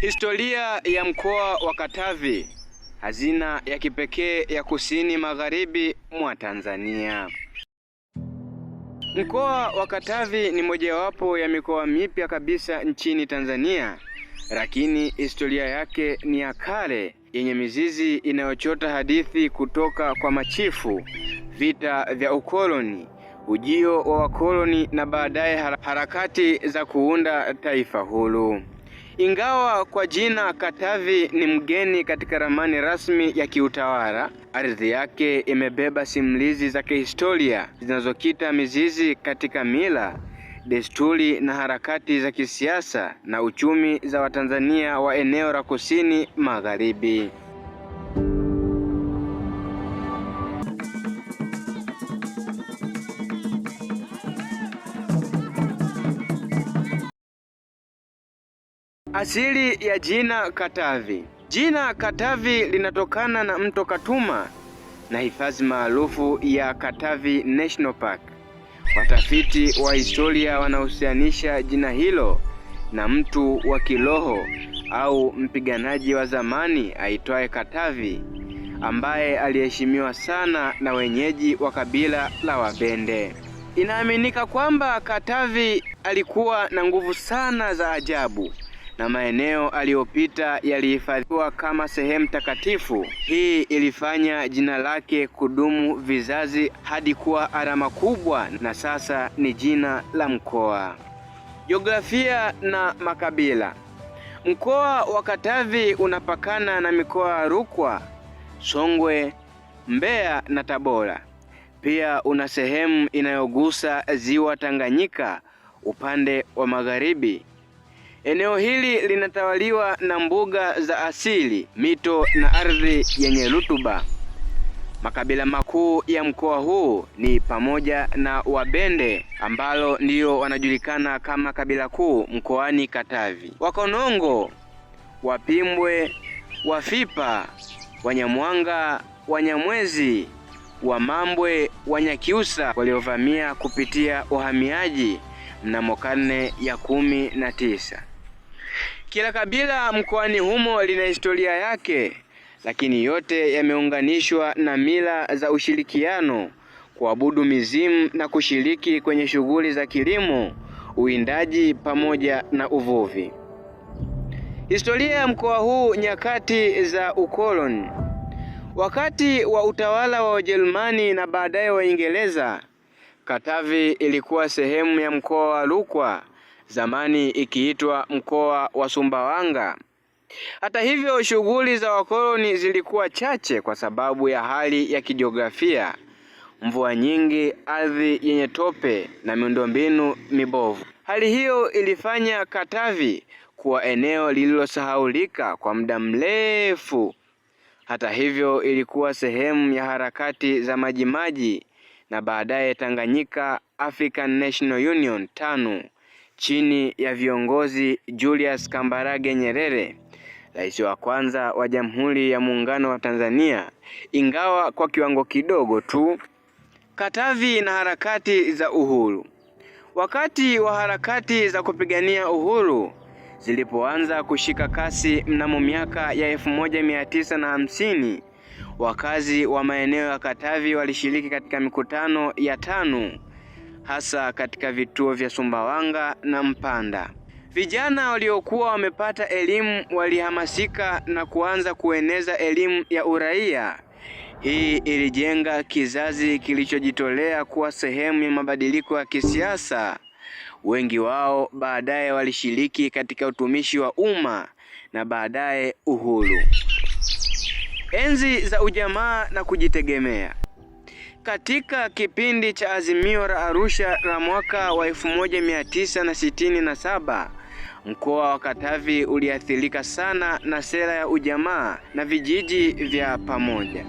Historia ya mkoa wa Katavi, hazina ya kipekee ya kusini magharibi mwa Tanzania. Mkoa wa Katavi ni mojawapo ya mikoa mipya kabisa nchini Tanzania, lakini historia yake ni ya kale, yenye mizizi inayochota hadithi kutoka kwa machifu, vita vya ukoloni, ujio wa wakoloni na baadaye harakati za kuunda taifa huru. Ingawa kwa jina Katavi ni mgeni katika ramani rasmi ya kiutawala, ardhi yake imebeba simulizi za kihistoria zinazokita mizizi katika mila, desturi na harakati za kisiasa na uchumi za Watanzania wa eneo la Kusini Magharibi. Asili ya jina Katavi. Jina Katavi linatokana na mto Katuma na hifadhi maarufu ya Katavi National Park. Watafiti wa historia wanahusianisha jina hilo na mtu wa kiroho au mpiganaji wa zamani aitwaye Katavi ambaye aliheshimiwa sana na wenyeji wa kabila la Wabende. Inaaminika kwamba Katavi alikuwa na nguvu sana za ajabu na maeneo aliyopita yalihifadhiwa kama sehemu takatifu. Hii ilifanya jina lake kudumu vizazi hadi kuwa alama kubwa na sasa ni jina la mkoa. Jiografia na makabila. Mkoa wa Katavi unapakana na mikoa ya Rukwa, Songwe, Mbeya na Tabora. Pia una sehemu inayogusa ziwa Tanganyika upande wa magharibi. Eneo hili linatawaliwa na mbuga za asili, mito na ardhi yenye rutuba. Makabila makuu ya mkoa huu ni pamoja na Wabende ambalo ndio wanajulikana kama kabila kuu mkoani Katavi, Wakonongo, Wapimbwe, Wafipa, Wanyamwanga, Wanyamwezi, Wamambwe, Wanyakiusa waliovamia kupitia uhamiaji mnamo karne ya kumi na tisa. Kila kabila mkoani humo lina historia yake, lakini yote yameunganishwa na mila za ushirikiano, kuabudu mizimu na kushiriki kwenye shughuli za kilimo, uwindaji pamoja na uvuvi. Historia ya mkoa huu nyakati za ukoloni. Wakati wa utawala wa Wajerumani na baadaye Waingereza, Katavi ilikuwa sehemu ya mkoa wa Rukwa zamani ikiitwa mkoa wa Sumbawanga. Hata hivyo, shughuli za wakoloni zilikuwa chache kwa sababu ya hali ya kijiografia, mvua nyingi, ardhi yenye tope na miundombinu mibovu. Hali hiyo ilifanya Katavi kuwa eneo lililosahaulika kwa muda mrefu. Hata hivyo, ilikuwa sehemu ya harakati za Majimaji na baadaye Tanganyika African National Union TANU chini ya viongozi Julius Kambarage Nyerere, rais wa kwanza wa Jamhuri ya Muungano wa Tanzania, ingawa kwa kiwango kidogo tu. Katavi na harakati za uhuru. Wakati wa harakati za kupigania uhuru zilipoanza kushika kasi mnamo miaka ya 1950, wakazi wa maeneo ya Katavi walishiriki katika mikutano ya tano hasa katika vituo vya Sumbawanga na Mpanda. Vijana waliokuwa wamepata elimu walihamasika na kuanza kueneza elimu ya uraia. Hii ilijenga kizazi kilichojitolea kuwa sehemu ya mabadiliko ya kisiasa. Wengi wao baadaye walishiriki katika utumishi wa umma na baadaye uhuru. Enzi za ujamaa na kujitegemea. Katika kipindi cha Azimio la Arusha la mwaka wa 1967 mkoa wa Katavi uliathirika sana na sera ya ujamaa na vijiji vya pamoja.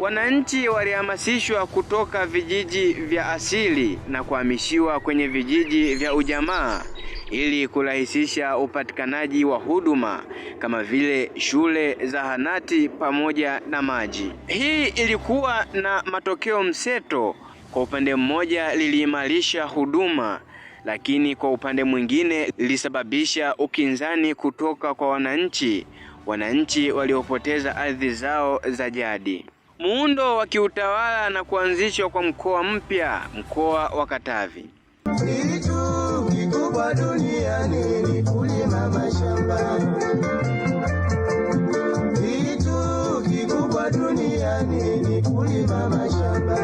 Wananchi walihamasishwa kutoka vijiji vya asili na kuhamishiwa kwenye vijiji vya ujamaa ili kurahisisha upatikanaji wa huduma kama vile shule, zahanati pamoja na maji. Hii ilikuwa na matokeo mseto. Kwa upande mmoja liliimarisha huduma, lakini kwa upande mwingine lilisababisha ukinzani kutoka kwa wananchi, wananchi waliopoteza ardhi zao za jadi. Muundo wa kiutawala na kuanzishwa kwa mkoa mpya, mkoa wa Katavi kwa duniani ni kulima mashamba. Kitu kikubwa duniani ni kulima mashamba.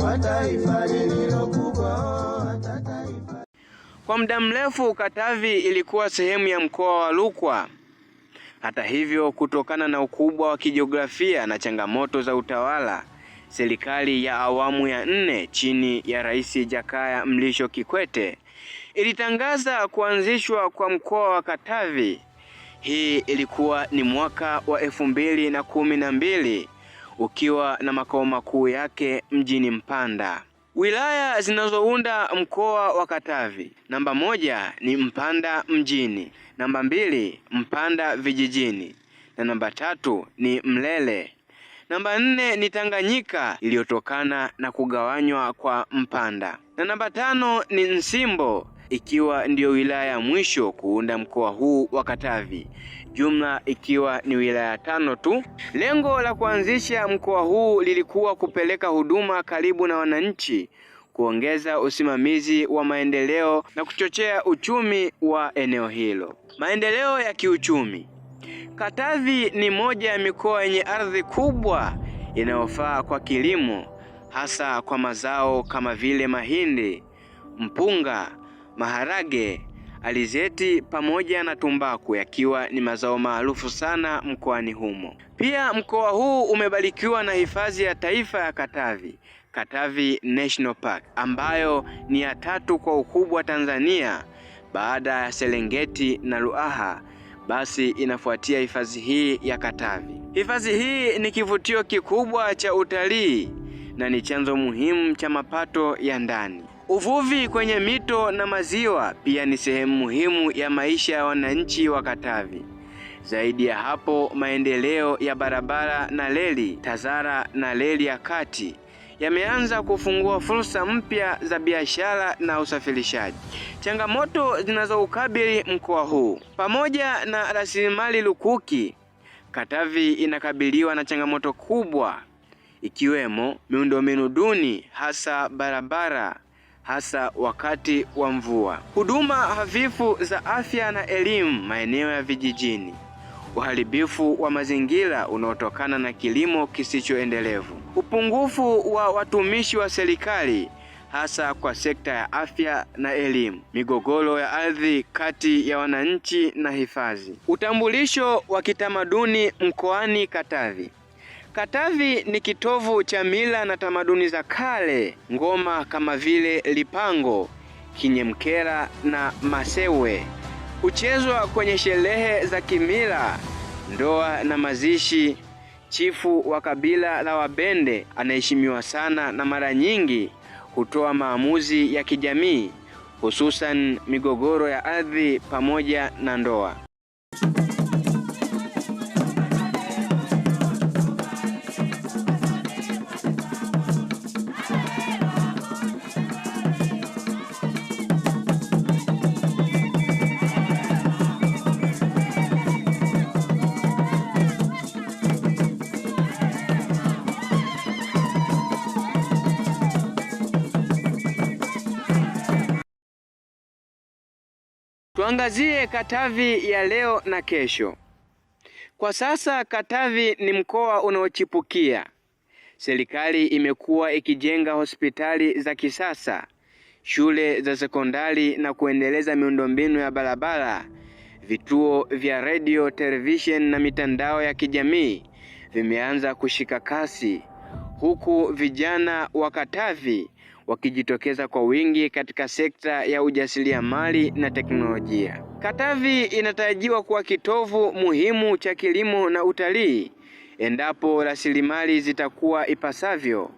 Kwa taifa lililo kubwa Kwa muda mrefu Katavi ilikuwa sehemu ya mkoa wa Rukwa. Hata hivyo, kutokana na ukubwa wa kijiografia na changamoto za utawala Serikali ya awamu ya nne chini ya Rais Jakaya Mlisho Kikwete ilitangaza kuanzishwa kwa mkoa wa Katavi. Hii ilikuwa ni mwaka wa elfu mbili na kumi na mbili ukiwa na makao makuu yake mjini Mpanda. Wilaya zinazounda mkoa wa Katavi: namba moja ni Mpanda mjini, namba mbili Mpanda vijijini na namba tatu ni Mlele. Namba nne ni Tanganyika iliyotokana na kugawanywa kwa Mpanda, na namba tano ni Nsimbo ikiwa ndiyo wilaya ya mwisho kuunda mkoa huu wa Katavi, jumla ikiwa ni wilaya tano tu. Lengo la kuanzisha mkoa huu lilikuwa kupeleka huduma karibu na wananchi, kuongeza usimamizi wa maendeleo na kuchochea uchumi wa eneo hilo. Maendeleo ya kiuchumi Katavi ni moja ya mikoa yenye ardhi kubwa inayofaa kwa kilimo, hasa kwa mazao kama vile mahindi, mpunga, maharage, alizeti pamoja na tumbaku yakiwa ni mazao maarufu sana mkoani humo. Pia mkoa huu umebarikiwa na hifadhi ya taifa ya Katavi, Katavi National Park, ambayo ni ya tatu kwa ukubwa Tanzania baada ya Serengeti na Ruaha basi inafuatia hifadhi hii ya Katavi. Hifadhi hii ni kivutio kikubwa cha utalii na ni chanzo muhimu cha mapato ya ndani. Uvuvi kwenye mito na maziwa pia ni sehemu muhimu ya maisha ya wananchi wa Katavi. Zaidi ya hapo, maendeleo ya barabara na reli, TAZARA na reli ya kati yameanza kufungua fursa mpya za biashara na usafirishaji. Changamoto zinazoukabili mkoa huu, pamoja na rasilimali lukuki, Katavi inakabiliwa na changamoto kubwa ikiwemo miundombinu duni, hasa barabara, hasa wakati wa mvua, huduma hafifu za afya na elimu maeneo ya vijijini uharibifu wa mazingira unaotokana na kilimo kisichoendelevu, upungufu wa watumishi wa serikali hasa kwa sekta ya afya na elimu, migogoro ya ardhi kati ya wananchi na hifadhi. Utambulisho wa kitamaduni mkoani Katavi. Katavi ni kitovu cha mila na tamaduni za kale. Ngoma kama vile lipango, kinyemkera na masewe huchezwa kwenye sherehe za kimila, ndoa na mazishi. Chifu wa kabila la Wabende anaheshimiwa sana na mara nyingi hutoa maamuzi ya kijamii, hususan migogoro ya ardhi pamoja na ndoa. Tuangazie Katavi ya leo na kesho. Kwa sasa Katavi ni mkoa unaochipukia. Serikali imekuwa ikijenga hospitali za kisasa, shule za sekondari na kuendeleza miundombinu ya barabara. Vituo vya redio, televisheni na mitandao ya kijamii vimeanza kushika kasi, huku vijana wa Katavi wakijitokeza kwa wingi katika sekta ya ujasiriamali na teknolojia. Katavi inatarajiwa kuwa kitovu muhimu cha kilimo na utalii endapo rasilimali zitakuwa ipasavyo.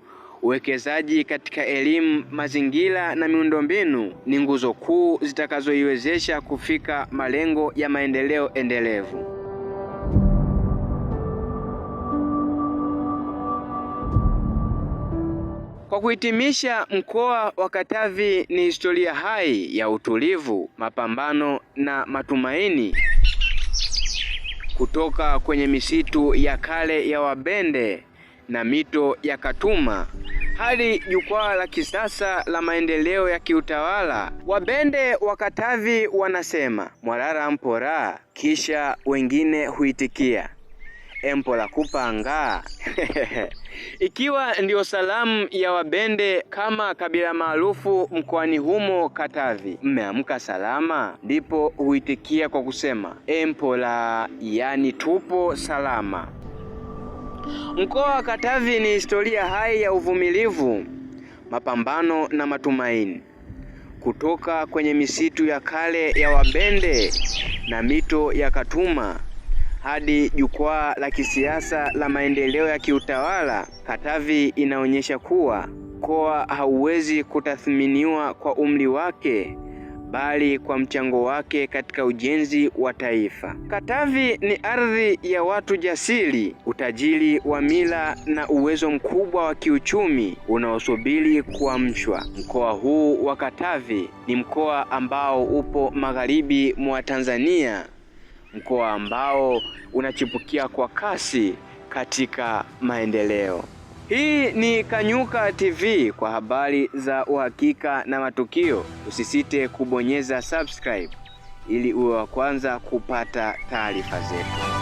Uwekezaji katika elimu, mazingira na miundombinu ni nguzo kuu zitakazoiwezesha kufika malengo ya maendeleo endelevu. Kwa kuhitimisha, mkoa wa Katavi ni historia hai ya utulivu, mapambano na matumaini. Kutoka kwenye misitu ya kale ya Wabende na mito ya Katuma hadi jukwaa la kisasa la maendeleo ya kiutawala. Wabende wa Katavi wanasema Mwarara mpora, kisha wengine huitikia la kupanga ikiwa ndiyo salamu ya Wabende kama kabila maarufu mkoani humo Katavi. Mmeamka salama? Ndipo huitikia kwa kusema empola, yani tupo salama. Mkoa wa Katavi ni historia hai ya uvumilivu, mapambano na matumaini kutoka kwenye misitu ya kale ya Wabende na mito ya Katuma hadi jukwaa la kisiasa la maendeleo ya kiutawala, Katavi inaonyesha kuwa mkoa hauwezi kutathminiwa kwa umri wake bali kwa mchango wake katika ujenzi wa taifa. Katavi ni ardhi ya watu jasiri, utajiri wa mila na uwezo mkubwa wa kiuchumi unaosubiri kuamshwa. Mkoa huu wa Katavi ni mkoa ambao upo magharibi mwa Tanzania mkoa ambao unachipukia kwa kasi katika maendeleo. Hii ni Kanyuka TV kwa habari za uhakika na matukio. Usisite kubonyeza subscribe ili uwe wa kwanza kupata taarifa zetu.